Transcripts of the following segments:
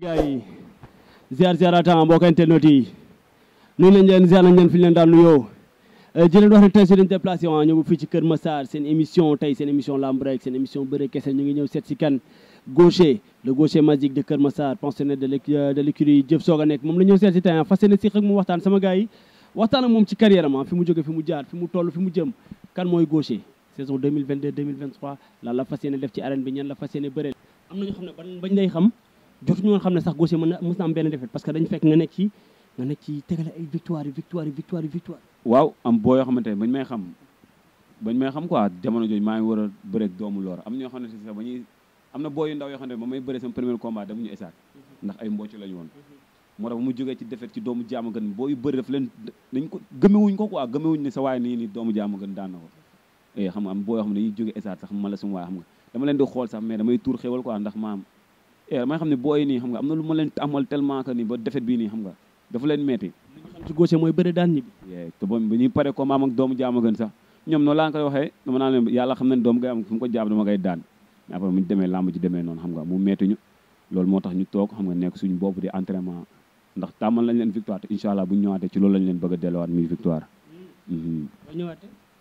gars yi ziar ziarata mbokk internet yi nuyu lañ leen ziar nañ leen fi leen daan nuyoo euh, di leen wax ne tey si dañ déplacé wa ah, ñëw fii ci Kër Massar seen émission tey seen émission lamb seen émission bëre kese ñu ngi ñëw seet si kan gaucher le gaucher magique de Kër Massar pensionnaire de euh, de l'écurie Diop Soga nekk moom la ñëw seet si tey ah, fas yéene si xëy mu waxtaan sama gars yi waxtaan moom ci carrière am ah, fi mu jóge fi mu jaar fi mu toll fi mu jëm kan mooy gaucher saison 2022 2023 lan la la fas jotu ñu woon sax Gaucher mën na mës am bénn défaite parce que dañu fekk nga nek ci nga nek ci tegale ay victoire victoire victoire victoire waaw am boy yo xamante bañ may xam bañ may xam quoi jamono joj ma ngi wara a doomu loor am na ñoo xam ne sax ba amna boy yu ndaw yo xam ne ba may bëree sama premier combat dama ñu essat ndax ay mbocc lañu won woon tax mu joggé ci défaite ci doomu jaamu gën boy yu bëri daf leen dañ ko wuñ ko quoi wuñ ne sa way ni ni doomu jaamu gën daan na ko eh xam nga am boy yo xam ñi joggé essat sax ma la suma waaye xam nga dama leen di xool sax mais damay tour xewal quoi ndax maam air eh, ma xam ne booy nii xam nga na lu ma leen amal tellement que ni ba defet bii nii xam nga dafa leen metti li ñu xam ci gauche mooy bëre daan ñibbi eh, te bon bu ñuy pare ko maam ak doomu jaama gën sax ñoom noonu laa koy waxee dama naa leen koy a delluwaat muy victoire hmm. Hmm.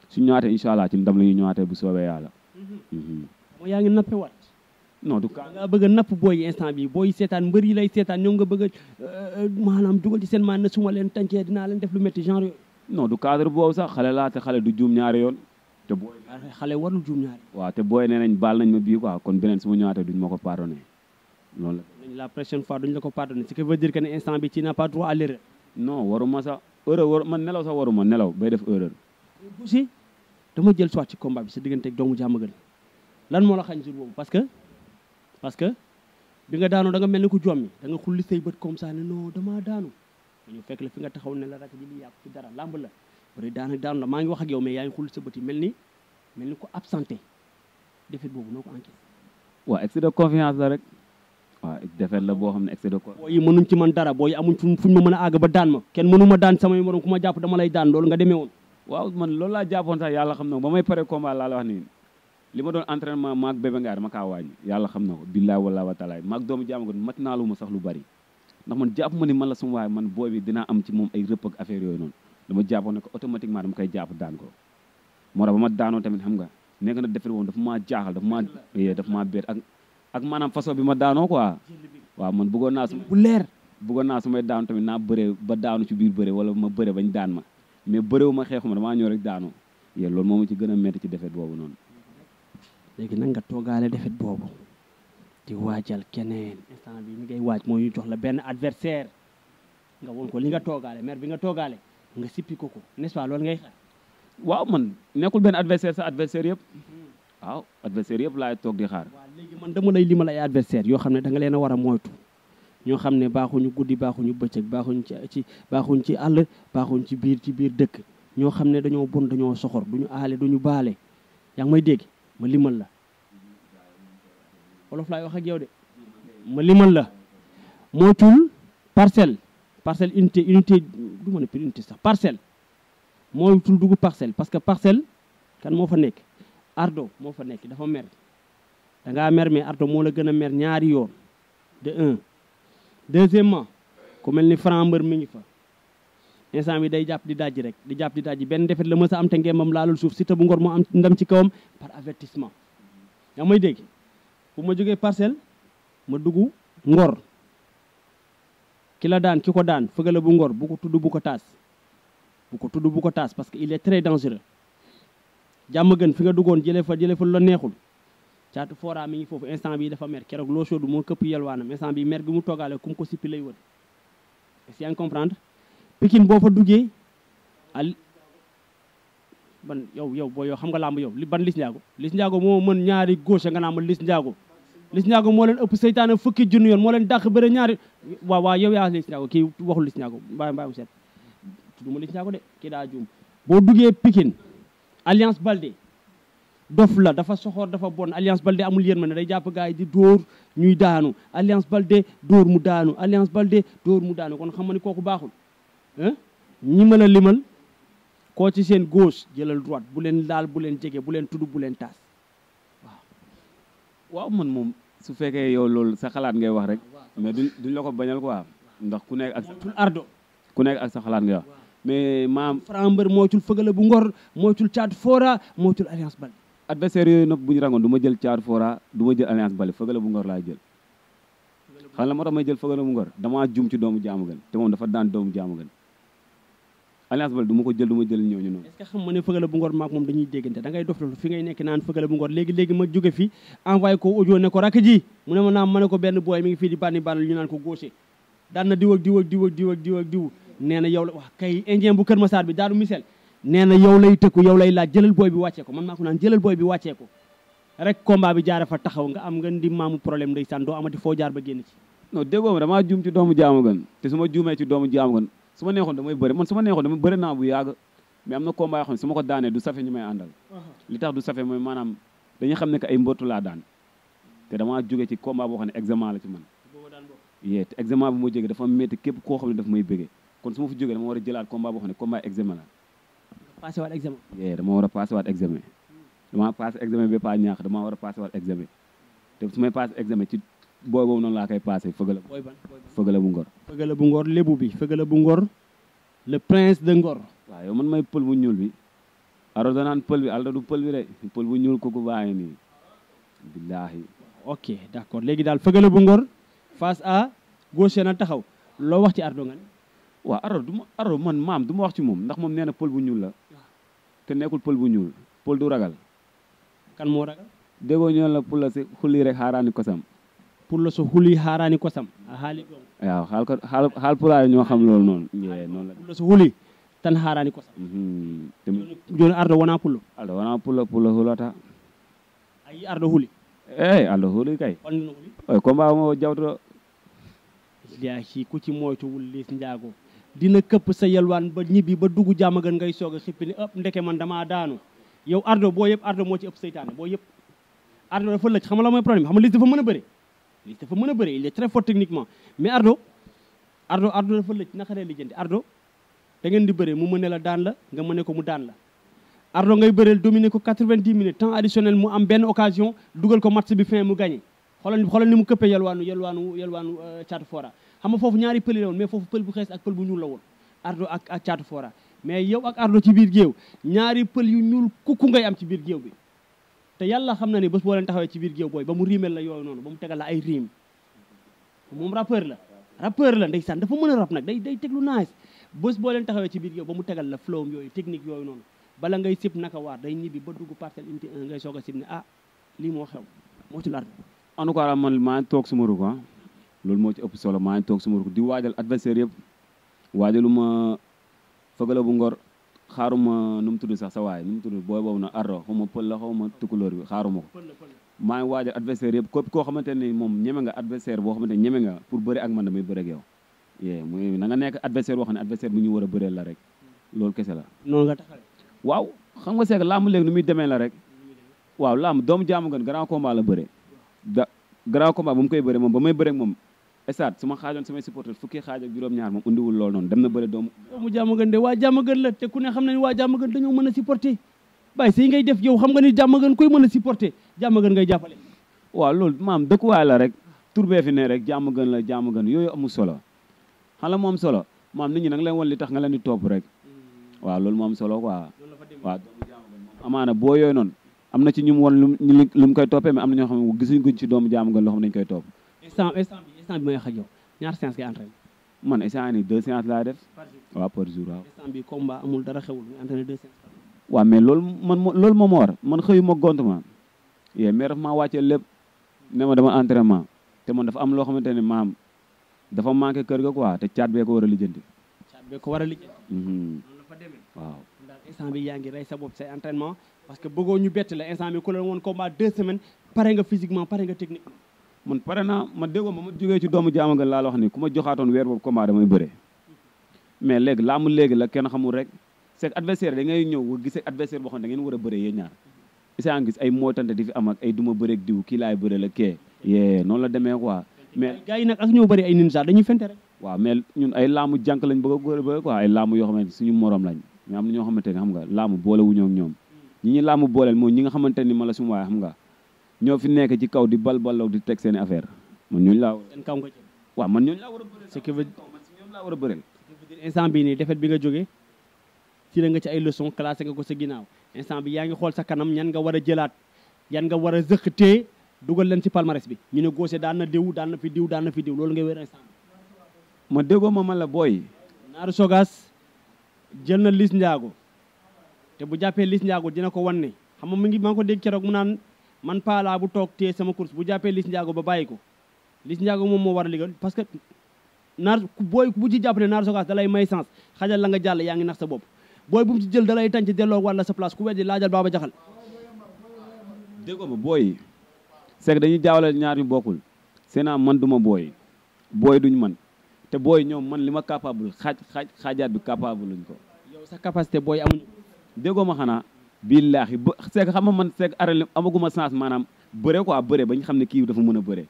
suñu ñëwaatee incha ci ndam la ñuy ñëwaatee bu soobee yàlla hmm. moo yaa ngi nappewaat no du kaa nga bëgg napp booy instant bi booy seetaan mbër yi lay seetaan ñoom nga bëgg a euh, euh, maanaam dugal ci seen maan na su ma dinaa leen def lu métti genre yooyu non du cadre boobu sax xale laa te xale du juum ñaari yoon te booy ah, xale warul juum ñaari waaw te booy nee nañ baal nañ ma bii quoi kon beneen su ma ñëwaatee duñ ma ko pardonné loolu la nañ la prochaine fois duñ la ko pardonné ce qui veut dire instant bi ci n'a pas droit à l'erreur non waruma sax erreur war man nelaw sax waruma nelaw bay def erreur aussi dama jël soit ci combat bi sa diggante ak doomu jàmm gën lan moo la xañ jour boobu parce que parce que bi nga daanoo danga mel ni ku jommi danga xulli say bët comme saa ne non damaa daanu fi nga taxaw ne la rak ji li yàpp dara làmb la bari daanu daanu maa ngi wax ak yow mais yaa sa bët yi mel ni mel ni ko absenté defet boobu noo ko enquête waaw excès de confiance la rek waaw defet la boo man dara booyi a àgg daan ma ku ma jàpp dama lay daan loolu nga demee woon waaw man loolu laa jàppoon sax yàlla xam na ba may pare combat laa la wax nii li ma doon entraînement maag bébé ngaar ma kaa wàññi yàlla xam na ko billaahi wallaahi wa taala maag doomu jaamagon mat naa ma sax lu bari ndax man jàpp ma ni man la suma waaye man booy bi dinaa am ci moom ay rëpp ak affaire yooyu noonu dama jàppoon ne ko automatiquement dama koy jàpp daan ko moo tax ba ma daanoo tamit xam nga nekk na defet woon dafa maa jaaxal dafa maa eh, maa beet ak ak maanaam façon ma daanoo quoi waaw man bëggoon naa su bu leer bëggoon naa su may daanu tamit naa bëree ba daanu ci biir bëre wala ma bëre bañ daan ma mais bëréewu ma xeexu ma damaa ñëw rek daanoo yee loolu moo ma ci gën a metti ci defet boobu noonu léegi nag nga toogaale defet boobu di waajal keneen instant bi mi ngay waaj mooy ñu jox la benn adversaire nga woon ko li nga toogaale maire bi nga toogaale nga sippi ko ko n'est-ce pas loolu ngay waaw man nekkul benn adversaire sa adversaire yëpp waaw adversaire yëpp laay toog di xaar waaw léegi man dama lay limal ay adversaire yoo xam ne danga leen a moytu ñoo xam ne baaxuñu guddi baaxuñu bëccëg baaxuñ ci ci baaxuñ ci àll baaxuñ ci biir ci biir dëkk ñoo xam ne dañoo bun dañoo soxor duñu aale duñu baale yaa ngi may dégg ma limal la wolof wax ak yow de ma la parcelle parcelle unité unité unité parcelle parcelle parce que parcelle kan fa ardo mo fa dafa mer da nga mer mais ardo la mer ñaari de un deuxièmement ku melni franc mi ngi fa instant bi day jàpp di dajji rek di jàpp di dajji benn defet la mës a am te ngembam laalul suuf Siteu bu Ngor moo am ndam ci kawam par avertissement yaa may dégg bu ma jógee parcelle ma dugg Ngor ki la daan ki ko daan fëgala bu Ngor bu ko tudd bu ko taas bu ko tudd bu ko taas parce que il est très dangereux jàmm gën fi nga duggoon jële fa jële fa la neexul caatu fora mi ngi foofu instant bi dafa mer keroog loo soodu moo këpp yelwaanam instant bi mer bi mu toogaale kum ko sippi lay wër est Pikine boo fa duggee al ban yow yow boo yow xam nga làmb yow li ban Liss Ndiago lis Ndiago moo mën ñaari gauche nga naa ma lis Ndiago lis Ndiago moo leen ëpp seytaane fukki junni yoon moo leen dàq bëre ñaari waaw waaw yow yaa Liss Ndiago kii waxul Liss Ndiago mbaay mbaay seet boo duggee pikin Alliance Baldé dof la dafa soxor dafa bon Alliance Baldé amul ne day jàpp gars yi di dóor ñuy daanu Alliance Baldé dóor mu daanu Alliance Baldé dóor mu daanu kon xam nga ni kooku baaxul ñi mën a limal koo ci seen gauche jëlal droite bu leen laal bu leen jege bu leen tudd bu leen taas waaw. waaw man moom su fekkee yow loolu sa xalaat ngay wax rek mais duñ duñ la ko bañal quoi ndax ku nekk ak. ardo ku nekk ak sa xalaat ngay wax mais maam. Franc Mbeur moytul fëgale bu ngor moytul caat moo moytul alliance bal. adversaire yooyu nag bu ñu rangoon duma jël caar fora du ma jël alliance bale fëgale bu ngor laa jël xam la moo tax may jël fëgale bu ngor damaa jum ci doomu jaamu gën te moom dafa daan doomu jaamu Alliance Baldé du ma ko jël du ma jël ñooñu noonu est-ce que xam nga ne ko ne na yow la wax kay indien bu Kër Massar bi daanu misel nee na yow lay tëkku yow lay laaj jëlal booy bi wàccee ko man maa ko naan jëlal booy bi wàccee ko rek combat bi taxaw nga am nga di maamu problème ndeysaan foo jaar ba génn ci non déggoo ma damaa juum ci doomu jaamu gan te su ma juumee ci doomu jaamu gan su ma neexoon damay bëri man su ma neexoon damay bëri naa bu yàgg mais am na combat yoo xam ne su ma ko daanee du safe ñu may àndal uh-huh. li tax du safe mooy maanaam dañuy xam ne que ay mbootu laa daan te damaa jóge ci combat boo xam ne examen la ci man yee te examen bi ma jógee dafa métti képp koo xam ne daf may bëggee kon su ma fa jógee dama war a jëlaat combat boo xam ne combat examen la waat examen yee dama war a passé waat ñaax damaa war a passé waat examen te su may passé examen booy boobu noonu laa koy passé fëgala fëgala bu ngor fëgala bu ngor lébu bi fëgala bu ngor le prince de ngor waaw yow man may pël bu ñuul bi aro danaan pël bi alda du pël bi rek pël bu ñuul kooku bàyyi nii billaahi ok d'accord léegi daal fëgala bu ngor face à gauche na taxaw loo wax ci ardo nga ne waaw aro man maam du ma wax ci moom ndax moom nee na pël bu ñuul la ah. te nekkul pël bu ñuul pël du ragal kan moo ragal déggoo ñoon la pour la si xulli rek xaaraani pullo so huuli harani kosam a haali hal hal haalko haalpulaare ñoo xam loolu noonu e noonu la pullo so tan harani kosam joni mm-hmm. ardo wona pullo ardo wona pullo pullo hulata a yi ardo huuli eh ardo huuli kay holno huuli oy combat mo jawtuɗo ilahi kuci moyto wullis njaago dina këpp sa yelwaan ba ñibbi ba dugg jamagan ngay soog a xippi ni ëpp ndeke man damaa daanu yow ardo boo yëpp ardo moo ci ëpp seytaane boo yëpp ardo dafa lëj xam la mooy problème xam nga lis dafa mën a bëri Il dafa mën a bëre il est très fort techniquement mais Ardo Ardo Ardo dafa lëj naka lay lijjanti Ardo da ngeen di bëre mu mën la daan la nga mën ko mu daan la Ardo ngay bëreel dominer ko 90 minutes temps additionnel mu am benn occasion dugal ko match bi fin mu gagné xoolal xoolal ni mu këppee yelwaanu yelwaanu yelwaanu chat euh, Fora xam nga foofu ñaari pëli la woon mais foofu pël bu xees ak pël bu ñuul Ardo ak chat Fora mais yow ak Ardo ci biir géew ñaari pël yu ñuul kukku ngay am ci biir géew bi te yàlla xam na ni bés boo leen taxawee ci biir géew booy ba mu riimel la yooyu noonu ba mu tegal la ay riim moom rappeur la rappeur la ndeysaan mën a rap nag day day teglu nice bés boo leen taxawee ci biir géew ba mu tegal la flowam yooyu technique yooyu noonu bala ngay sib naka waar day ñibbi ba dugg parcelle unité a ngay soog a sib ne ah lii moo xew moo ci lar en tout man maa ngi toog suma ruko ah loolu moo ci ëpp solo maa ngi toog suma ruko di waajal adversaire yëpp waajaluma fëgala bu ngor xaaruma nu mu tudd sax sa waay nu mu tudd boobu na ardo xaw ma pël la xaw ma tukulóor bi xaaruma ko maa waajal adversaire yëpp képp koo xamante ni moom ñeme nga adversaire boo xamante ñeme nga pour bëri ak man damay bëri ak yow yee nga nekk adversaire boo xam ne adversaire bu ñu war a bëreel la rek loolu kese la noonu nga taxaw waaw xam nga seeg laamu léegi nu muy demee la rek waaw laamu doomu jaamu gan grand combat la bëre da grand combat bu mu koy bëre moom ba may bëre moom stade su ma xaajoon samay supporter fukki xaaj ak juróom-ñaar moom undiwul lool noonu dem na bëri doomu doomu jàmmagën de waa jàmmagën la te ku ne xam nañ waa jàmmagën dañoo mën a supporter bàyyi say ngay def yow xam nga ni jàmmagën koy mën a supporter jàmmagën ngay jàppale waaw loolu maam dëkkuwaay la rek tur bee fi ne rek jàmmagën la yooyu amul solo xala moom solo maam nit ñi nag leen woon li tax nga leen di topp rek mm. waaw loolu moom solo quoi waaw amaana boo yooyu noonu am na ci ñu mu woon lu mu koy toppee mais am na ñoo xam ne koy topp man instant ni deux séances laa def waaw par jour waaw instant bi combat man xëyu ma gont ma yee mais daf maa wàccee lépp ne ma dama entraînement te man dafa am loo xamante ne maam dafa manqué kër ga quoi te caat bee ko war a lijjanti a mhm. waaw instant bi yaa ngi rey sa bopp parce que bëggoo ñu la instant bi ku la woon combat deux semaines pare nga physiquement pare nga techniquement man pare na ma déggoo ma ma jógee ci doomu jaama gën laa la wax ni ku ma joxaatoon weer boobu combat damay bëre mais léegi laa mu léegi la kenn xamul rek c'est adversaire da ngay ñëw nga gisee adversaire boo xam ne da war a bëre yéen ñaar am ak ay duma bëreeg diw kii laay bëre la kee noonu la demee quoi mais gars yi ak ñoo bëri ay ninja dañuy fente rek waaw mais ñun ay laamu jànk lañ a góor bëgg quoi ay laamu yoo xamante suñu morom lañ mais ñoo xamante ne xam nga laamu boole wuñoo ak ñoom ñi ñu laamu booleel moom ñi nga xamante ni ma la sumu waaye xam nga ñoo fi nekk ci kaw di balbalaw di teg seen i ma man ñooñu laa war a. seen kaw nga instant bii nii défaite bi nga jógee la nga ci ay leçon classé nga ko sa ginnaaw instant bi yaa ngi xool sa kanam ñan nga war a jëlaat yan nga war a te dugal leen ci palmarès bi ñu ne Gaucher daan na diw daan na fi diw daan na fi diw loolu ngay wér instant bi ma déggoo ma man la booy Naaru Sogas jël na Liss Ndiago te bu jàppee Liss Ndiago dina ko wan xam mu ngi maa man paalaa bu toog téye sama course bu jàppee Liss Ndiago ba bàyyi ko Liss Ndiago moom moo war a liggéey parce que naar booy bu ci jàppale naar sogaas da lay may sens xajal la nga jàll yaa ngi nax sa bopp booy bu mu ci jël dalay lay ci delloo walla sa place ku weddi laajal baaba jaxal déggoo ma booy c'est que dañuy jaawale ñaar ñu bokkul Sénat man du ma booy booy duñ man te booy ñoom man li ma capable xaaj xaaj xaajaat bi capable luñ ko yow sa capacité booy amuñu déggoo ma xanaa billaahi ba seeg xam nga man seeg arale amaguma chance maanaam bëre quoi bëre ba ñu xam ne kii dafa mën a bëre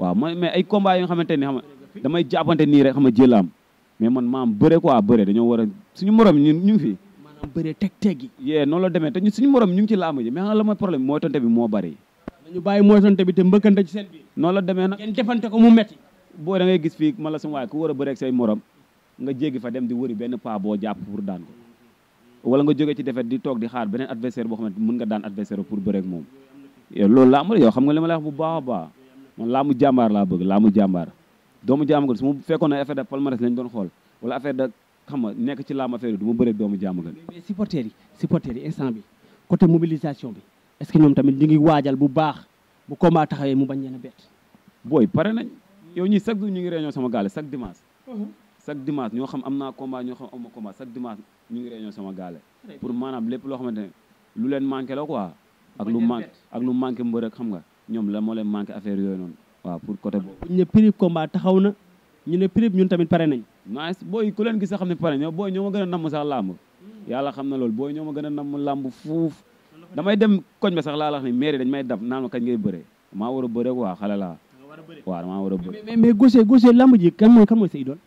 waaw man mais ay combat yoo xamante ni xam nga damay nii rek xam nga mais man maam bëre quoi bëre dañoo war a suñu morom ñun ñu fi maanaam bëre teg teg yi yee la demee te suñu morom ñu ngi ci làmb ji mais xam nga la mooy problème mooy tonte bi moo bari dañu bàyyi mooy tonte bi te mbëkkante ci seen bi noonu la demee nag ngeen defante ko mu metti boo da gis fii man la sama waaye ku war a bëre ak say morom nga jéggi fa dem di wëri benn pas boo jàpp pour daan ko wala nga jóge ci defet di toog di xaar beneen adversaire boo xamante mën nga daan adversaire pour bëreeg moom yow xam nga li ma bu baax a baax man laamu jàmbaar laa bëgg laamu jàmbaar doomu jàmbaar su ma fekkoon ne affaire de palmarès lañ doon xool wala affaire de xam nga nekk ci laa affaire du ma bëreeg doomu jàmbaar mais supporters yi supporters yi instant bi côté mobilisation bi est ce que ñoom tamit ñu ngi waajal bu baax bu a taxawee mu bañ leen a bett booy pare nañ yow ñi chaque ñu ngi réunion sama gaale chaque dimanche mm-hmm. chaque dimanche ñoo xam am naa combat ñoo xam am ma combat chaque dimanche ñu ngi réunion sama gaale pour maanaam lépp loo xamante ne lu leen manqué la quoi ak lu manqué ak lu manqué la moo leen manqué ñu ne prib combat taxaw na ñu ne prib ñun tamit pare nañ nice booy a xam ñoo ma gën a namm sax làmb hmm. na loolu booy ma fuuf damay dem koñ ba sax laa wax ni mairie dañ may dab naan ma kañ ngay bëree maa war a bëree quoi xale laa waaw damaa war a bëree mais mais Gaucher làmb ji kan mooy kan mooy sa idole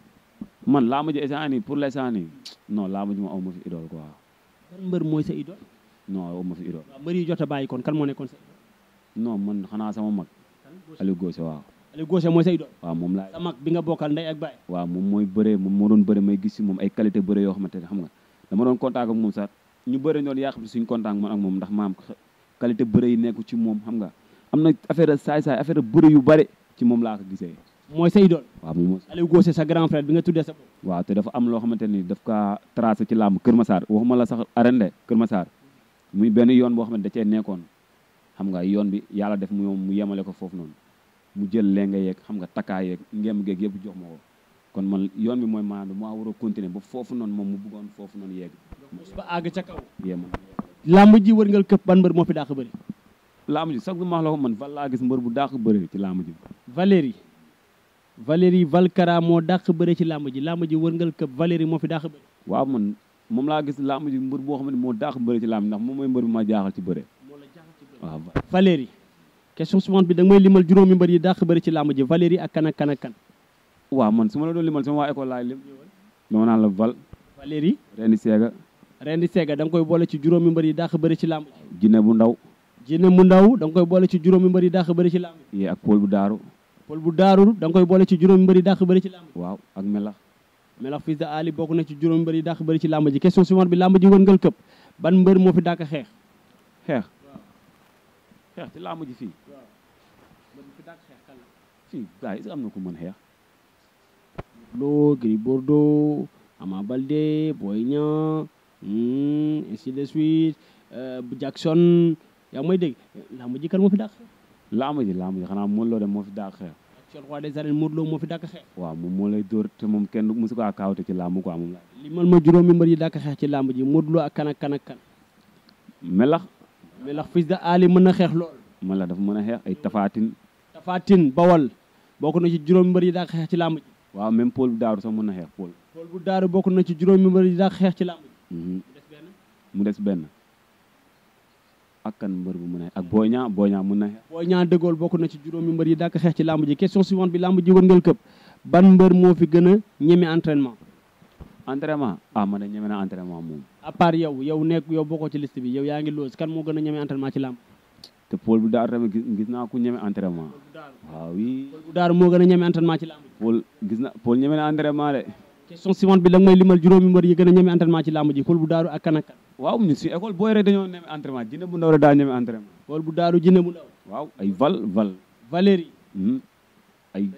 man laa ma ji instant nii pour l'instant nii non laa ma ji ma aw ma fi idole quoi. sa idole. non aw ma fi idole. waaw jot bàyyi kon kan moo nekkoon sa non man xanaa sama mag. Aliou Gose waaw. Aliou Gose mooy moom laa. sa mag bi nga bokkal ndey ak baay. waaw moom mooy bëree moom moo doon bëri may gis si moom ay qualité bëre yoo xamante ne xam nga dama doon contact ak moom sax ñu bëri ñoon yàq bi suñ contact man ak moom ndax maam qualité bëre yi nekku ci moom xam nga am na affaire saay saay affaire bëre yu bëri ci moom laa ko gisee. mooy sa idole waaw moom Aliou Gossé sa grand frère bi nga tuddee sa bopp waaw te dafa am loo xamante ni daf kaa tracé ci làmb Kër Massar waxuma la sax arène de Kër Massar muy benn yoon boo xamante da cee nekkoon xam nga yoon bi yàlla def mu mu yemale ko foofu noonu mu jël lenga yeeg xam nga takkaa yeeg ngéem geeg yëpp jox ma ko kon man yoon bi mooy maanaam maa war a continuer ba foofu noonu moom mu bëggoon foofu noonu yeeg ba àgg ca kaw yé ma làmb ji wërngal këpp ban mbër moo fi dàq bëri làmb ji sax bi ma la ko man Val laa gis mbër bu dàq bëri ci làmb ji Valérie Valérie Valcara moo dàq bëre ci làmb ji làmb ji wërngal këpp Valérie moo fi dàq bëre waaw man moom laa làmb ji mbër boo xam ne moo dàq bëre ci làmb ndax moom mooy mbër bi ma jaaxal ci bëre waaw Valérie question suivante bi da nga may limal juróomi mbër yi dàq bëre ci làmb ji Valérie ak kan ak kan ak kan waaw man su ma la doon limal sama waa école laay lim dama naan la Val Valérie Rendi Seega Rendi Seega danga koy boole ci juróomi mbër yi dàq bëre ci làmb ji Jinne bu ndaw Jinne bu ndaw da koy boole ci juróomi mbër yi dàq bëre ci làmb ji ak Paul bu daaru pël bu daarul da nga koy boole ci juróom mbëri dàq bëri ci làmb waaw ak melax melax fils de bokk na ci juróom dàq bëri ci làmb ji question suivante bi làmb ji wërngal këpp ban mbër moo fi dàq xeex xeex ci làmb ji fii fii am na ko mën xeex loo Gris Bordeaux Ama Baldé Boy Niang hmm, suite euh, Jackson yaa ngi may dégg kan moo fi dàq xeex laama ji laama ji xanaa Modou loo dem moo fi dàq xeex. actuel roi des moo fi dàq xeex. waaw moom moo moom kenn mosu ko kaawte ci làmb quoi moom la. li man ma juróomi mbër yi dàq xeex ci làmb ji Modou Lo ak kan melax. melax fils de Ali mën na xeex lool. melax dafa mën a xeex ay tafaatin. tafaatin bawal bokk na ci juróomi mbër yi dàq xeex ci làmb ji. waaw même Paul bu daaru sax mën na xeex Paul. Paul bokk na ci juróomi mbër yi dàq xeex ci làmb mhm. mu des benn. mu des benn. ak kan mbër bu mën a ak Boy Niang Boy Niang mën na xeex Boy Niang bokk na ci juróomi mbër yi dàkk xeex ci làmb ji question suivante bi làmb ji wërngal këpp ban mbër moo fi gën a ñeme entraînement entraînement ah man de nekk yow bokkoo ci liste bi yow yaa ngi loos kan moo gën a ñeme entraînement ci làmb te Paul bu daar moo gën a ñeme entraînement ci làmb Paul ñeme na entraînement de question suivante bi da nga may limal juróomi mbër yi gën a ñeme entraînement ci làmb ji Paul bu daaru ak kan ak kan waaw ñun si école booy rek dañoo ñeme entraînement jinne bu ndaw rek daaru jinne bu ndaw waaw ay val val Valérie hmm. ay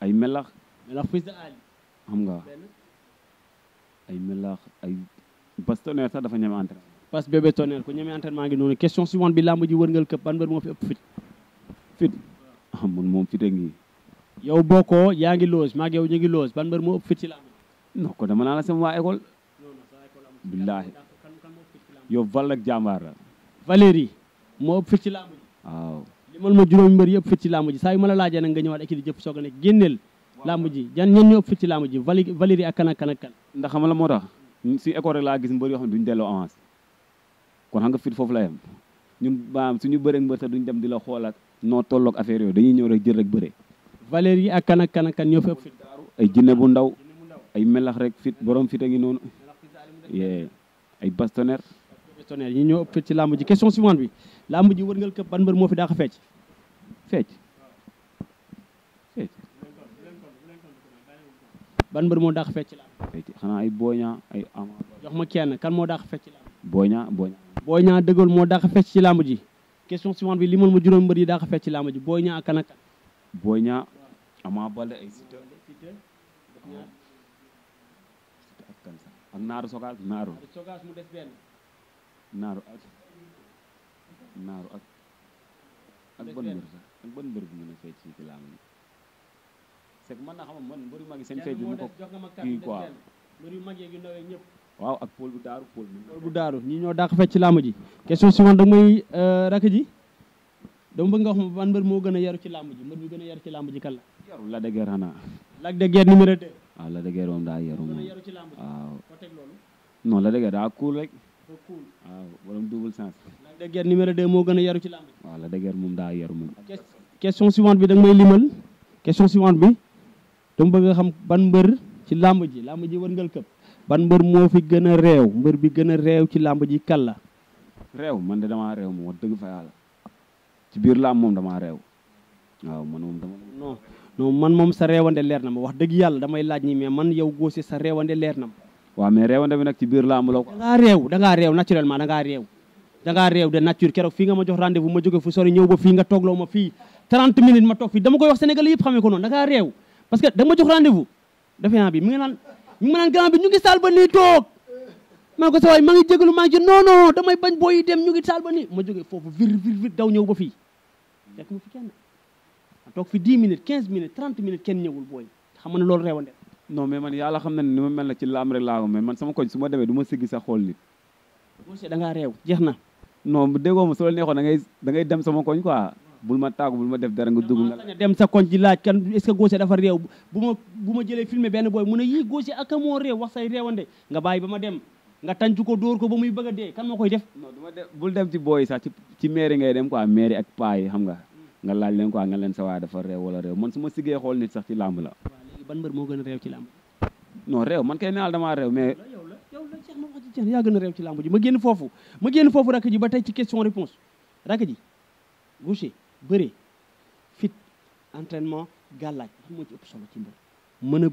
ay melax melax fils de Ali xam nga ay melax ay bas tonnerre sax dafa ñeme entraînement passe bébé tonnerre ku ñeme entraînement ngi noonu question suivante bi làmb ji wërngal këpp ban mbër moo fi ëpp fit fit ah, moom fit a ngi yow bokkoo yaa ngi loos maag yow ñu ngi loos ban mbër moo ëpp fit ci làmb non ko naa la sama waa école billaahi yow val ak moo ëpp fit ma juróom mbër yëpp fit ci làmb ji saa yu ma la laajee nag nga ñëwaat ak di jëpp soog ne génneel làmb ji jan ñu ëpp fit ci làmb ji Valérie ak kan ak kan la moo tax si école rek laa gis mbër yoo xam ne duñu delloo avance kon xam nga fit foofu la yem ñun su ñu bëree mbër sax duñ dem di la xoolaat noo tolloog affaire yooyu dañuy ñëw rek jël rek bëree Valérie ak kan ak kan ak kan ñoo fi ëpp fit daaru ay jinne bu ndaw ay melax rek fit borom fit a ngi noonu ay bastonnaire yi ñëw ñoo ëpp fit ci làmb ji question suivante bi làmb ji wërngal këpp ban moo fi daax a fecc ban mbër moo daax a fecc xanaa ay booña ay ama jox ma kenn kan moo daax a fecc ci làmb booña booña booña dëggal moo daax fecc ci làmb ji question suivante bi limal ma juróom mbër yi daax a ci làmb ji booña ak kan ak kan Ama Baldé ay Siteu ak kansa ak Naaru Sogaas Naaru Sogaas mu des benn Naaru ak Naaru ak ak ban mbër sax ak ban mbër bu mën a ci làmb yi c'est que mën na xam man mbëru mag yi seen fecc bi mu ko kii quoi mbër yu mag yu ndawee ñëpp waaw ak Paul bu daaru Paul bu daaru ñi ñoo dàq fecc ci làmb ji question suivante dag euh, rakk ji dama bëgg nga wax ma ban mbër moo gën yaru ci làmb ji mbër bi gën a yaru ci làmb ji kan yarul Lac de Guiers xanaa. Lac de Guiers numéro 2. Ah, waaw Lac de Guiers moom daa yaru moom waaw. non Lac de Guiers daa cool rek. waaw borom double sens. Lac de Guiers numéro 2 moo gën a yaru ci lamb. waaw Lac de Guiers moom daa yaru moom. question suivante bi da nga may limal question suivante bi dama bëgg a xam ban mbër ci lamb ji lamb ji wërngal këpp ban mbër moo fi gën a réew mbër bi gën a réew ci lamb ji kal la. réew man de damaa réew moom wax dëgg fa yàlla ci biir lamb moom damaa réew waaw man moom dama non. non man moom sa reewande leer na ma wax dëgg yàlla damay laaj ni mais man yow Gaucher sa reewande leer na ma waaw mais reewande bi nag ci biir làmb la ko dangaa réew dangaa ma jox rendez-vous ma jóge fu sori ñëw ba fii nga toogloo ma fii 30 ko noonu da ma jox rendez nga naan mi nga naan grand bi ko sa ma ngi jégalu damay bañ booyi dem ñu ngi saal ba ma jóge foofu vir vir daw ñëw ba fi toog fi 10 minutes 15 minutes 30 minutes kenn ñëwul booy xam nga ne loolu réewande non mais man yàlla xam na ne ni ma mel na ci laam rek laa ko mais man sama koñ su ma demee du ma siggi sa xool nit monsieur jeex na non déggoo ma soo neexoon da ngay da ngay dem sama koñ quoi bul ma taagu ma def dara nga dugg nga sañ a dem sa koñ ci laaj kan est-ce dafa réew bu ma bu ma jëlee filmé benn booy mu a yii Gaucher ak moo réew wax say réewande nga bàyyi ba ma dem nga tàncu ko dóor ko ba muy bëgg a dee kan moo koy def ma bul dem ci booy sax ci ci ngay dem quoi mairie ak paa yi xam nga nga laaj leen quoi nga leen sa waay dafa rew wala rew man suma ma xol nit sax ci lamb la. waaw léegi ban mbër moo gën a ci lamb non rew man kay neenaal dama rew mais. yow la yow la Cheikh ma wax ci Cheikh yaa gën ci làmb ji ma genn fofu ma genn fofu rak ji ba tay ci question réponse rak ji gouché bëree fit entraînement galaj ban moo ci ëpp solo ci mbër meuna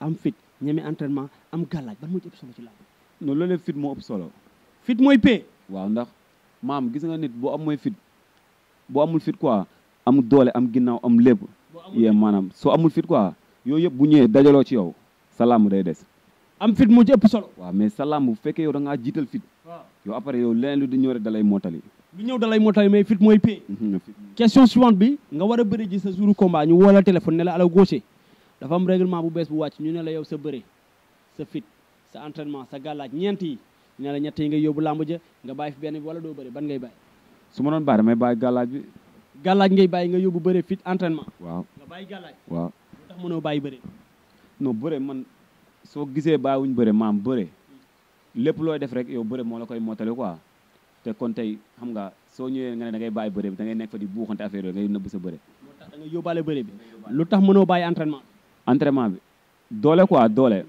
a am fit ñeme entraînement am galaj ban moo ci ëpp solo ci lamb non lolé fit mo ëpp solo fit moy pay waaw ndax maam gis nga nit bu am moy fit bu amul fit quoi am doole am ginnaaw am lépp yee maanaam soo amul fit quoi yooyu yëpp bu ñëwee dajaloo ci yow sa làmb day des am fit moo ci ëpp solo waaw mais sa bu fekkee yow da ngaa jiital fit yow après yow leneen lu di ñëw rek dalay mottali lu ñëw dalay mottali mais fit mooy pay mhm, question suivante bi nga war a bëri ji sa jour combat ñu woo la téléphone ne la Alla Gaucher dafa am bu bees bu wàcc ñu ne la yow sa bëre sa fit sa entraînement sa gàllaaj ñeenti yi ñu ne la ñett yi nga yóbbu nga bàyyi fi benn wala doo bëri ban ngay bàyyi gàllaaj ngay bàyyi nga yóbbu bëre fit entraînement. waaw nga bàyyi gàllaaj. waaw lu tax mënoo bàyyi bëre. non bëre man soo gisee bàyyiwuñ bëre maam bëre lépp looy def rek yow bëre moo la koy mottali quoi te kon tey xam nga soo ñëwee nga ne da ngay bàyyi bëre bi dangay ngay nekk fa di buuxante affaire yooyu ngay nëbb sa bëre. moo tax da ngay yóbbaale bëre lu tax mënoo bàyyi entraînement. entraînement bi doole ko doole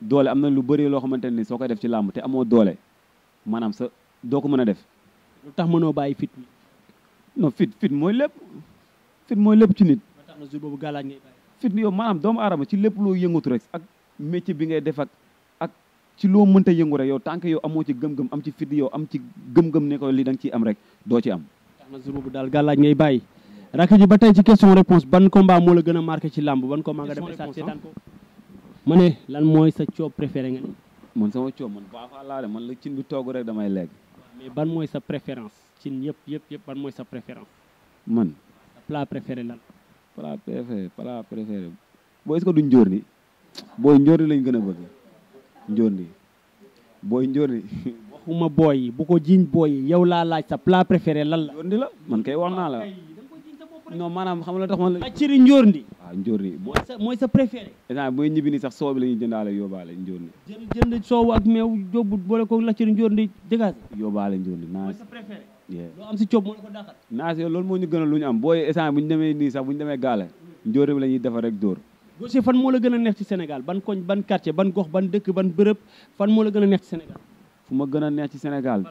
doole am na lu bëri loo xamante ne soo koy def ci làmb te amoo doole maanaam sa doo ko mën a def. non fit fit mooy lépp fit mooy lépp ci nit. tax boobu galaaj ngay bàyyi. fit yow maanaam doomu aadama ci lépp loo yëngatu rek ak métier bi ngay def ak ci loo mënta yëngu rek yow tant yow amoo ci gëm-gëm am ci fit am ci gëm-gëm ne ko li ciy am rek doo ci am. tax na daal galaaj ngay bàyyi. rakk ji ba tey ci question réponse ban combat moo la gën a marqué ci làmb ban combat nga def stade seetaan ko ah. ma ne lan mooy sa coob préféré nga ni man sama coob man baax laa de man la cin bi togg rek damay lekk mais mooy sa préférence cin yëpp yëpp ban mooy sa man plat préféré lan. plat booy est-ce gën a bëgg njóorni booy njóorni. booy bu ko jiiñ booy yi yow laa laaj sa lan la. njóorni man kay wax naa la. Ah, non maanaam xam la tax man la. ciri njóorni. waaw ah, njóorni. mooy sa mooy sa préféré. état ñibbi nii sax soow bi la ñuy jëndaale yóbbaale njóorni. jënd jënd soow ak meew jóbbu boole ko la ciri njóorni dégage. yóbbaale njóorni naa. mooy loo am si coob moo la ko dàqal naas yow loolu moo ñu gënal lu ñu am booy essence bu ñu demee nii sax bu ñu demee gaale njóore bi la ñuy defar rek dóor fan moo la gën a neex ci Sénégal ban koñ ban quartier ban gox ban dëkk ban bërëb fan moo la gën a neex ci Sénégal fu ma gën a neex ci Sénégal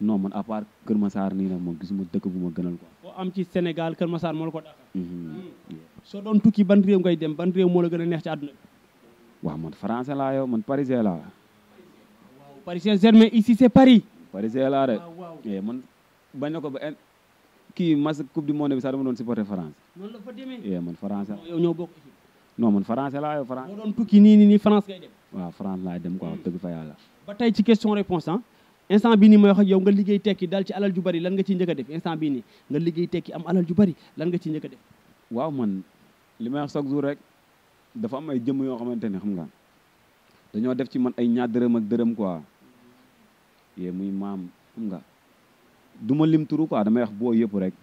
non man à part Kër Massar nii nag moom gisuma dëkk bu ma gënal quoi boo am ci Sénégal Kër Massar moo la ko dàqal mhm. hmm. soo doon tukki ban réew ngay dem ban réew moo la gën a neex ci àdduna bi waaw man français laa yow man parisien laa waaw parisien germain ici c'est Paris parisien laa de e man bañ na ko ba kii match coupe du monde bi saa dama doon supporter France noonu la fa demee eh, man France yow ñoo bokk non man français laa yow France moo tukki nii nii nii France ngay dem laa France laay dem quoi dëgg fa yàlla ba tey ci question réponse ah instant bi nii may wax ak yow nga liggéey tekki daal ci alal ju bari lan nga ciy njëkk a def instant bii nii nga liggéey tekki am alal ju bari lan nga ci njëkk a def waaw man li may wax chaque jour rek dafa am ay jëmm yoo xamante ne xam nga dañoo def ci man ay ñaar dërëm ak dërëm quoi yee muy maam xam nga du ma lim turu quoi damay wax booy yëpp rek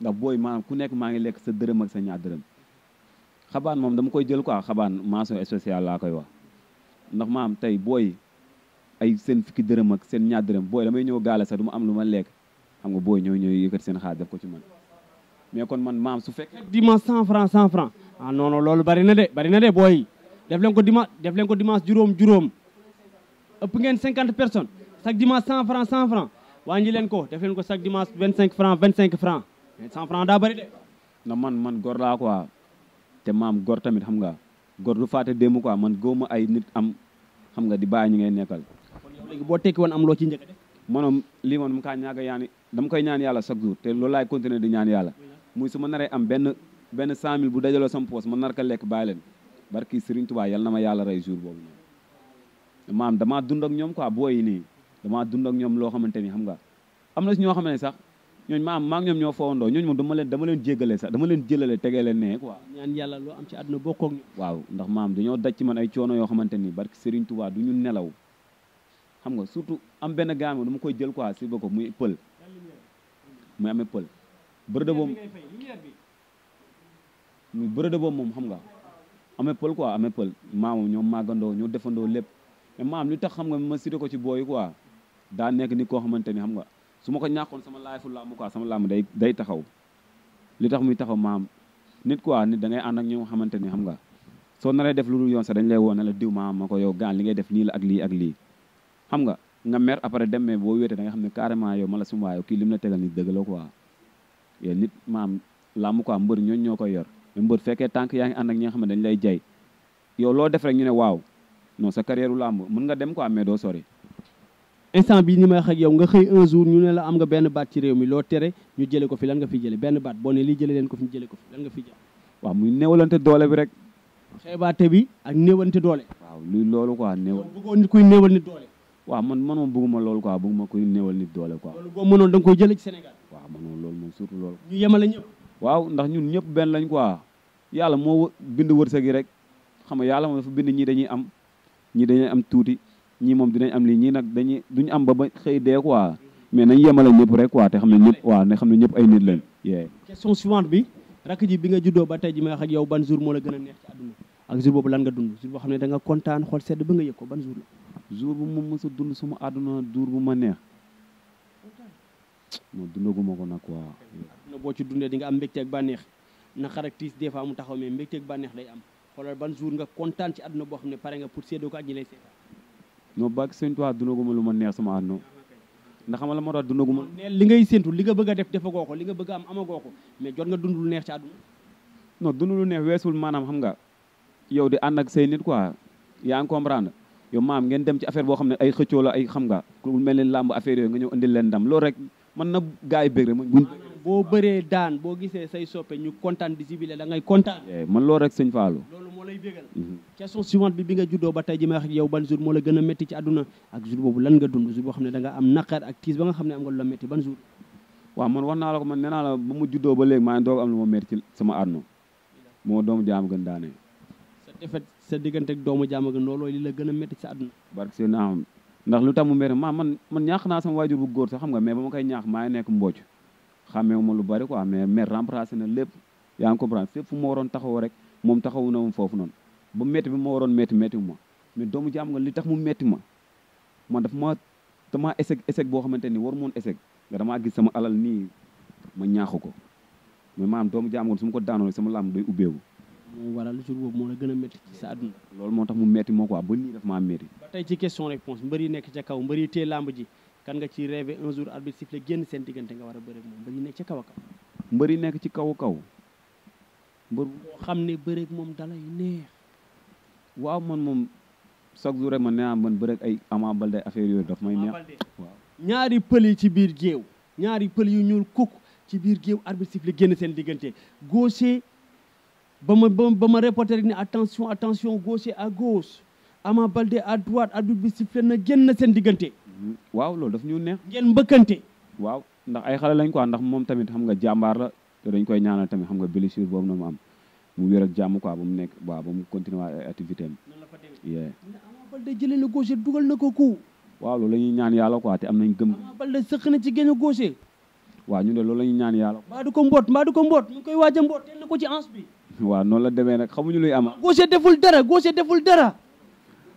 ndax booy maanaam ku nekk maa ngi lekk sa dërëm ak sa ñaar dërëm xabaan moom dama koy jël quoi xabaan mention spéciale laa koy wax ndax maam tey booy ay seen fukki dërëm ak seen ñaar dërëm booy damay ñëw gaale sax du ma am lu ma lekk xam nga booy ñëw ñëw yëkkati seen xaar def ko ci man mais kon man maam su fekk dimanche 100 francs 100 francs ah non non loolu bari na de bari na de booy def leen ko dimanche def leen ko dimanche juróom juróom ëpp ngeen 50 personnes chaque dimanche 100 francs 100 francs wàññi leen ko def leen ko chaque dimanche 25 francs 25 francs 100 francs daa bëri de. na man man gor laa quoi te maam gor tamit xam nga gor du fàtte démb quoi man góoma ay nit am xam nga di bàyyi ñu ngee nekkal. kon yow léegi boo tekki woon am loo ci njëkk de. maanaam lii man mu kaa ñaaga yaani dama koy ñaan yàlla chaque jour te lool laay continuer di ñaan yàlla muy su ma naree am benn benn mil bu dajaloo sama poos ma nar ko lekk bàyyi leen barki Serigne Touba yal na yàlla rey jour boobu maam damaa dund ak ñoom quoi booy nii. damaa dund ñoom loo xamante ni xam nga am na si ñoo xam ne sax ñooñu ma am ñoom ñoo foowandoo ñooñu moom dama leen dama leen jéggale sax dama leen jëlale tegee leen nee quoi ñaan am ci àdduna bokkoog ñu waaw ndax maam dañoo daj ci man ay coono yoo xamante ni barki Serigne Touba du ñu nelaw xam nga surtout am benn gaa dama koy jël quoi si ba ko muy pël muy amee pël bërëdë boobu muy bërëdë moom xam nga amee pël quoi amee pël maamam ñoo màggandoo ñoo defandoo lépp mais maam li tax xam nga ma siré ko ci booyu quoi daa nekk ni koo xamante ni xam nga su ma ko ñàkkoon sama laay fu ko quoi sama làmb day day taxaw li tax muy taxaw maam nit quoi nit da ngay ànd ak ñoo xamante ni xam nga soo naree def lu yoon sax dañ lay woo ne la diw maam ma ko yow gaan li ngay def nii la ak lii ak lii xam nga nga mer après dem mais boo wéetee da nga xam ne carrément yow ma la suma kii lim la tegal ni dëgg la quoi nit maam làmb quoi mbër ñooñ ñoo koy yor mais mbër fekkee tànk yaa ngi ànd ak ñi nga xam ne dañ lay jay yow loo def rek ñu ne waaw non sa carrière làmb mën nga dem quoi mais doo sori instant bi ni may wax ak nga xëy un jour ñu ne la am nga benn baat ci réew mi loo tere ñu jële ko fi lan nga fi jële benn baat boo ne lii jële leen ko fi ñu jële ko fi lan nga fi jële xeebaate bi ak néewante doole waaw luy loolu quoi néewal bëggoo nit kuy néewal nit doole waaw man man moom bëgguma loolu quoi bëgguma kuy néewal nit doole quoi loolu boo mënoon da nga koy jële ci Sénégal waaw man moom loolu moom surtout loolu ñu yemale ñëpp ñëpp benn lañ quoi yàlla moo bind wërsëg yi rek xam nga yàlla moom dafa bind ñii dañuy am ñii dañuy am tuuti ñii moom dinañ am lii ñii nag dañuy duñ am ba ba xëy dee quoi mais nañ yemale ñëpp rek waa te xam ne ñëpp waaw xam ne ñëpp ay nit lañ yee question suivante bi rakk ji bi nga juddoo ba tey ji may wax yow ban jour moo la gën a neex ci àdduna ak jour boobu lan nga dund jour boo xam ne da kontaan xool sedd ba nga yëg ko ban jour la jour bu ma mës a dund suma àdduna jour bu ma neex non dundaguma ko nag quoi boo ci dundee di nga am mbégte ak bànneex naqar ak tiis des fois mu taxaw mais mbégte ak bànneex day am xoolal ban jour nga kontaan ci àdduna boo xam ne pare nga pour séddoo ko ak ñi lay seetaan no bàgg sëñ Tuubaa dunaguma lu ma neex sama àdduna ndax xamal a moo tax dunaguma ne li ngay séntu li nga bëgg a def defagoo ko li nga bëgg a am amagoo ko mais jot nga dund lu neex ci àdduna non weesul maanaam xam nga yow di ànd ak say nit quoi yaa ngi comprendre yow maam ngeen dem ci affaire boo xam ne ay xëccoo ay xam nga ku mel ne làmb affaire yooyu nga ñëw indil leen ndam loolu rek mën na gars yi bëgg rek boo bëree daan boo gisee say soppe ñu kontaan di sibile da ngay kontaan eh, man loolu rek sëñ Fallou loolu moo lay bégal mhm. question suivante bi bi nga juddoo ba tey ji may yow ban jour moo la gën a métti ci àdduna ak jour boobu lan nga dund jour boo xam ne da am naqar ak tiis ba nga ne am nga lu la métti ban jour naa la man nee naa la ba mu juddoo ba léegi maa ngi doog am lu ma métti ci sama àdduna moo doomu jaam gën daanee sa defet sa diggante ak doomu jaam gën looloo li la gën a métti ci sa àdduna barke seen ndax lu tam mu métti ma man man ñaax naa sama waajur bu góor sax xam nga mais ba ma koy ñaax maa ngi nekk mbooc xàmmeewu ma lu bari quoi mais maire remplacé na lépp yaa ngi comprendre fépp fu ma waroon taxaw rek moom taxawu na moom foofu noonu ba métti bi ma waroon métti métti ma mais doomu jaam nga li tax mu métti ma man daf ma damaa échec échec boo xamante ni war moon échec nga damaa gis sama alal nii ma ñaaxu ko mais maanaam doomu jaam nga su ma ko daanoo sama làmb doy ubbeewu moo waral jour boobu moo la gën a sa àdduna loolu moo tax mu métti moo quoi ba nii daf maa métti ba tey ci kaw mbër yi tee làmb ji kan nga ci rêvé un jour arbitre sifflé génn sen digënté nga wara bëre bëreeg moom mbër yi nekk ci kaw kaw mbër yi nekk ci kaw kaw mbeur bo xamné bëre ak mom dalay neex waaw man mom sax jour rek man nee man bëre ak ay Ama balde affaire yoy daf may neex ñaari pël yi ci biir géew ñaari pël yu ñuul kuk ci biir géew arbitre sifflé génn sen digënté gaucher bama bama, ba ma reporter ni attention attention gaucher à gauche Ama balde à droite arbitre bi sifflé na génn sen digënté waaw loolu daf ñu neex. ngeen mbëkkante. waaw ndax ay xale lañ quoi ndax moom tamit xam nga jàmbaar la te dañ koy ñaana tamit xam nga blessure boobu na mu am mu wér ak jàmm quoi ba mu nekk waaw ba mu continuer ay activité am. noonu la fa demee. Balde na gauche ko ku. la ñuy ñaan yàlla quoi te am nañ gëm. Balde sëq na ci génn gauche. waaw ñu ne loolu la ñuy ñaan yàlla. mbaa du ko mboot mbaa du ko mboot ñu ngi koy waaj a mboot teel na ko ci ans bi. waaw noonu la demee nag xamuñu luy am. gauche deful dara gauche deful dara.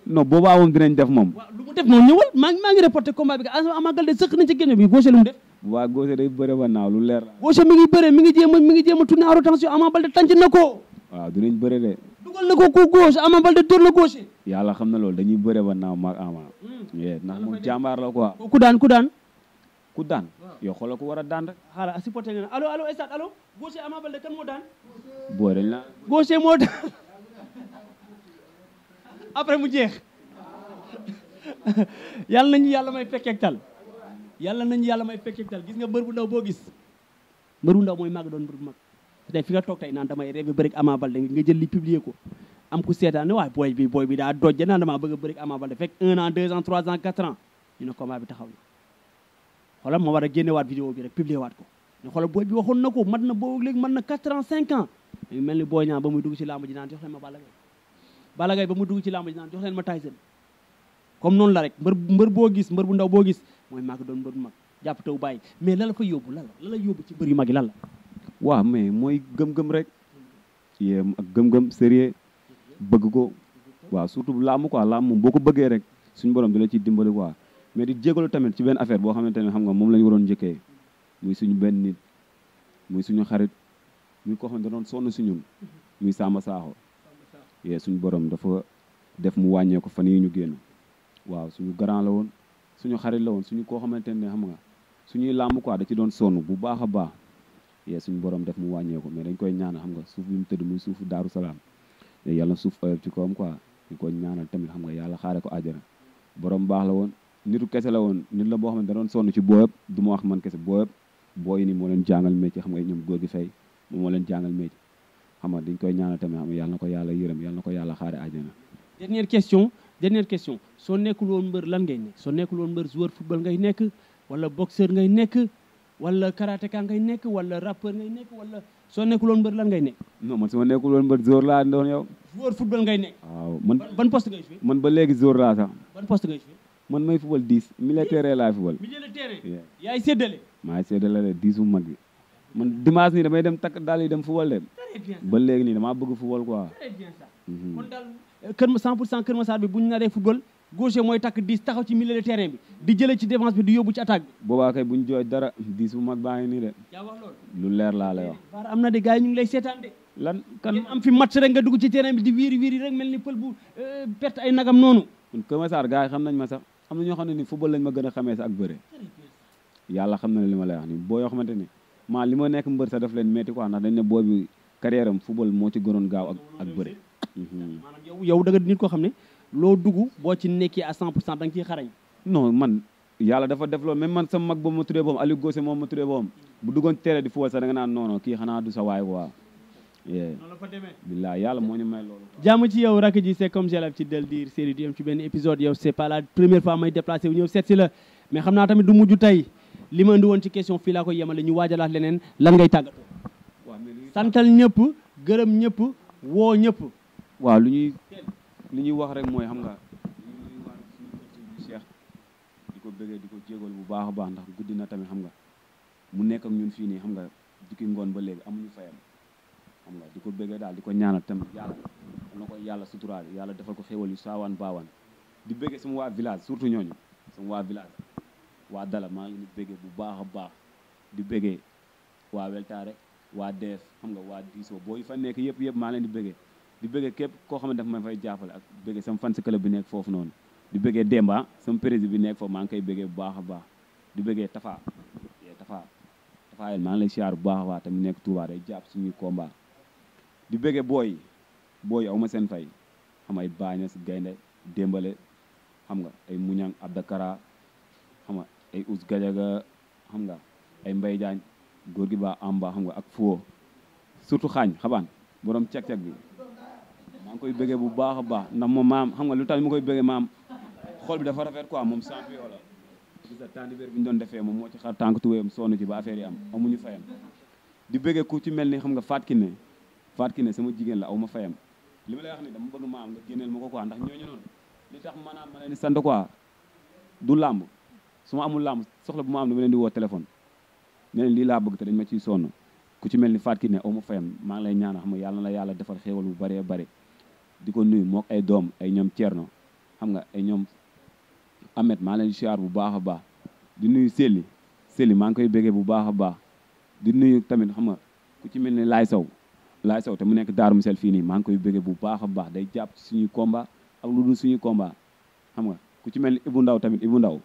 non boobaa moom dinañ def moom. waaw lu mu def noonu ñëwal maa ngi maa ngi reporté combat bi Ama Baldé sëkk nañ ci bi Gaucher lu def. waaw Gaucher day bëre ba naaw lu leer la. Gaucher mi ngi bëre a mi Ama Baldé tànc na ko. waaw bëre de. dugal na ko ku Gaucher Ama Baldé dóor na Gaucher. yàlla xam na loolu dañuy bëre ba naaw maag Ama. Hmm. ndax moom jàmbaar la quoi. ku daan ku daan. ku daan yow xoolal ko war a daan rek. xaaral supporté nga ne allo allo Esat allo. Gaucher Ama Baldé kan moo daan. boo dañ moo daan. après mu jeex yàlla nañu yàlla may fekkeek tal yàlla nañu yàlla may fekkeek tal gis nga mbër bu ndaw boo gis mbër bu ndaw mooy màgg doon mbër bu mag tey fi toog tey naan damay rêve bëri Ama Baldé nga jël li publier ko am ku seetaan ne waaye booy bi booy bi daa naan damaa bëgg a bëri Ama Baldé fekk un an deux ans trois ans quatre ans ñu ne combat bi taxaw na xoolal ma war a génnewaat vidéo bi rek publier waat ko ne xoolal booy bi waxoon na ko mat na boobu léegi mat na quatre ans cinq ans mel ni booy ñaan ba muy dugg ci naan jox leen ma Balla Gaye Balla Gaye ba mu dugg ci lamb ji naan jox len ma Tyson comme non la rek mbeur mbeur bo gis mbeur bu ndaw bo gis moy mag ko doon mbër mag japp taw bay mais la la fa yobbu la la la yobbu ci mbeur yu magi la la wa mais moy gem gem rek yéem ak gem gem serie beug ko wa surtout lamb quoi lamb moom boo ko rek suñu borom dina ci dimbali quoi mais di jégalu tamit ci ben affaire bo xamanteni xam nga mom lañu waron jëkke muy suñu ben nit muy suñu xarit muy ko xam da doon sonu suñu muy sama saxo yee eh, suñu boroom dafa def mu wàññeeku fan yii ñu génn waaw suñu grand la woon suñu xarit la woon suñu koo xamante ne xam nga suñuy làmb quoi da ci doon sonn bu baax a baax yee eh, suñu borom def mu wàññeeku mais dañ koy ñaanal xam nga suuf bi mu suufu daaru salaam eh, yàlla suuf ci kawam quoi ñu koy ñaanal tamit xam nga yàlla xaare ko àjjana borom baax la woon nitu kese la woon nit la boo xam ne da doon sonn ci booyëb du ma wax man kese boo booy ni moo leen jàngal métier xam nga ñoom góor gi fay moom moo leen jàngal métier xam nga dañ koy ñaanal tamit xam nga na ko yàlla yërëm yàlla na ko yàlla xaare àjjana dernière question dernière question soo nekkul woon mbër lan ngay nekk soo nekkul woon mbër joueur football ngay nekk wala boxeur ngay nekk wala karatéka ngay nekk wala rappeur ngay nekk wala soo nekkul mbër lan ngay nekk non ma nekkul woon mbër joueur laa doon yow joueur football ngay nekk waaw man ban poste man ba léegi joueur laa sax ban poste ngay joué man may football 10 milieu terrain laay football milieu de terrain yaay séddale maay séddale de 10 bu mag bi man dimanche nii damay dem takk daal yi dem football de. ba léegi nii damaa bëgg football quoi. Mhm. kon daal euh, kër ma 100 pour cent kër ma saar bi bu ñu naree football gaucher mooy takk 10 taxaw ci milieu de terrain bi di jëlee ci défense bi di yóbbu ci attaque boobaa kay bu ñu jooy dara 10 bu mag baa ngi nii de. yaa wax lu leer laa la wax. am na de gars yi ñu ngi lay seetaan de. lan kan am fi match rek nga dugg ci terrain bi di wiiri wiiri rek mel ni pël bu euh, perte ay nagam noonu. kon kër ma saar gars yi xam nañ ma sax am na ñoo xam ne ni football lañ ma gën a xamee sax ak bëre yàlla xam na li ma lay wax ni boo yoo xamante ni maa li ma nekk mbër sa def leen metti quoi ndax dañ ne boobu carrière am football moo ci gënoon gaaw ak bëre. Mhm. maanaam yow yow da nga nit koo xam ne loo dugg boo ci nekkee à 100 pour cent da nga ciy xarañ. non man yàlla dafa def loolu même man sama mag boobu ma tuddee boobu Aliou Gossé moom ma bu duggoon teere di football sax da nga naan non kii xanaa du sa waay quoi. noonu la fa moo ñu may loolu. jàmm ci yow rakk ji c'est comme j'allais ci del dire série du yem ci benn épisode mais xam naa tamit du mujj tey. li ma indi woon ci question fii laa koy yemale ñu waajalaat leneen lan ngay tàggatoo. santal ñëpp gërëm ñëpp woo ñëpp. waaw lu ñuy lu ñuy wax rek mooy xam nga. di ko bëggee di ko jégal bu baax a baax ndax guddina tamit xam nga mu nekk ak ñun fii nii xam nga dikki ngoon ba léegi amuñu fayam xam nga di ko bëggee daal di ko ñaanal tamit yàlla na ko yàlla suturaal yàlla defal ko xéwal yu saawaan baawaan di bëggee sama waa village surtout ñooñu sama waa village. waa dala maa ngi bëggee bu baax a baax di bëggee waa weltaare waa deef xam nga waa diisoo boo yi fa nekk yëpp yëpp maa leen di bëggee di bëggee képp koo xam ne daf ma fay jàppale ak bëggee sam fan club bi nekk foofu noonu di bëggee Demba sam président bi nekk foofu maa ngi koy bëggee bu baax a baax di bëggee eh, Tafa Tafa Tafa yéen maa ngi siyaar bu baax waa baax tamit nekk Touba day jàpp suñuy combat di bëggee booy booy aw ma seen fay xam ay si gaynde démbale xam nga ay muñang abdakara xam nga ay Ous ga xam nga ay Mbaye Diagne góor gi baa Amba xam nga ak Fouo surtout xaañ xabaan boroom cek-cek bi maa ngi koy bëggee bu baax a baax ndax moom maam xam nga lu tax ma koy bëggee maam xool dafa rafet quoi moom champion la gis nga bi ñu doon defee moom moo ci xar tànk tuwéyam sonn ci ba affaire yi am di bëggee ku ci mel ni xam nga Fatou Kiné Fatou Kiné sama jigéen la aw ma fayam li ma lay wax ni dama bëgg maam nga génneel ma ko quoi ndax ñooñu noonu li tax maanaam ma leen di sant quoi du làmb su ma amul làmb soxla bu ma am dama leen di woo téléphone ne leen lii laa bëgg te dañ ma ciy sonn ku ci mel ni ki ne aw ma fayam maa ngi lay ñaana xam nga yàlla na la yàlla defal xéewal bu bëree bëri di ko nuyu mook ay doom ay ñoom Thierno xam nga ay ñoom Ahmed maa leen siyaar bu baax a baax di nuyu Séli Séli maa ngi koy béggee bu baax a baax di nuyu tamit xam nga ku ci mel ni Laay saw Laay Sow te mu nekk Daaru Musel fii nii maa ngi koy béggee bu baax a baax day jàpp suñuy combat ak lu dul suñuy combat xam nga ku ci mel ni Ibou Ndaw tamit Ibou Ndaw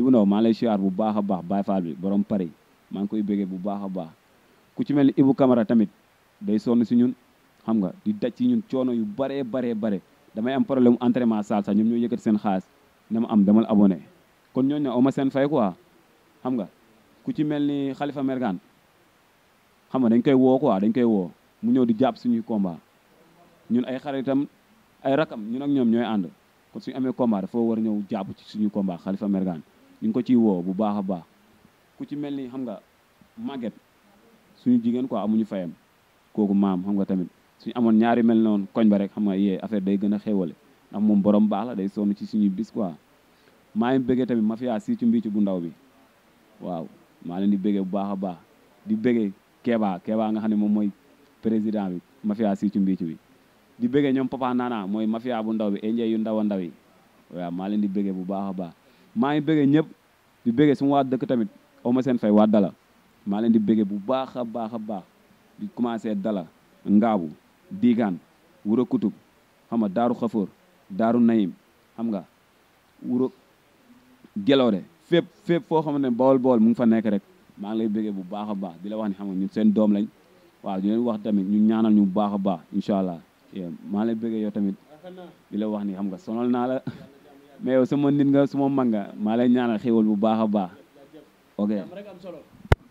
Ibou Ndaw maa lay bu baax a baax Baye Fall bi borom Paris maa ngi koy bëggee bu baax a baax ku ci mel ni Ibou kamara tamit day sonn si ñun xam nga di daj ci ñun coono yu baree baree bare damay am problème entraînement saal sax ñoom ñoo yëkkati seen xaas na ma am damal abone kon ñooñ ne oma seen fay quoi xam nga ku ci mel ni xalifa Mergan xam nga dañ koy woo quoi dañ koy woo mu ñëw di jàpp suñuy combat ñun ay xaritam ay rakam ñun ak ñoom ñooy ànd kon suñu amee combat dafa war ñëw jàpp ci suñu combat Mergan ñu ngi ko ciy woo bu baax a baax ku ci mel ni xam nga màgget suñu jigéen ko amuñu fayam kooku maam xam nga tamit suñu amoon ñaari mel noonu koñ ba rek xam nga yee affaire day gën a xéewale ndax moom borom baax la day sonn ci suñuy bis quoi maa bëggee tamit mafia si ci mbii bu ndaw bi waaw maa leen di bëggee bu baax a baax di bëggee Kéba Kéba nga xam ne moom mooy président bi mafia si ci bi di bëggee ñoom papa naana mooy mafia bu ndaw bi e njey yu ndaw a ndaw yi waaw maa leen di bëggee bu baax a baax maa ngi bëggee ñëpp di bëggee suma waa dëkk tamit aw ma seen fay waa dala maa leen di béggee bu baax a baax a baax di commencé dala ngaabu diigaan wuro kutub xam nga daaru xafoor daaru nayim xam nga wuro geloore fépp fépp foo xam ne bawol bawol mu ngi fa nekk rek maa ngi lay bëggee bu baax baax di la wax ni xam nga ñun seen doom lañ waaw ñu leen wax ñu ñaanal ñu bu baax a baax incha allah maa ngi lay bëggee tamit di la wax ni xam nga sonal naa la mais yow sama nit nga suma mag nga maa lay ñaanal xéwal bu baax a baax ok.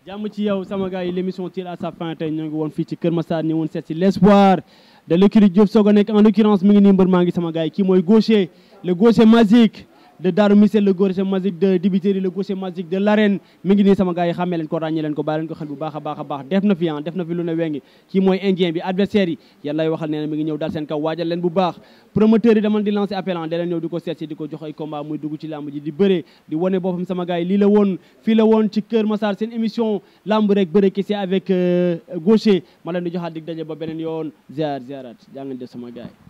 jàmm ci yow sama gars yi l' émission tire à sa fin tey ñoo ngi woon fii ci Kër ma Massar ñu woon seet si l' espoir de l'écurie Diop Sogo nekk en l'occurrence mi ngi nii mbër maa ngi sama gars kii mooy gaucher le gaucher magique. de Darumise le Gorée Magique de Dibiteri le Gorée Magique de l'arène mi ngi nii sama gaay xamé xàmmee ko ràññee leen ko bàyyi leen ko xel bu baax a baax def na fi ah, def na fi lu ne wengi kii moy indien bi adversaire yi yàlla waxal nee mi ngi ñëw daal kaw waajal len bu baax promoteur yi dama di lancer appel ah da ñew diko di ko seet si jox ay combat muy dugg ci lamb ji di bëree di wane boppam sama gaay li la won fi la won ci cœur Massar sen émission lamb rek ci avec euh, Gaucher ma leen di joxaat dig daje ba benen yoon ziar ziarat jaa de sama gaay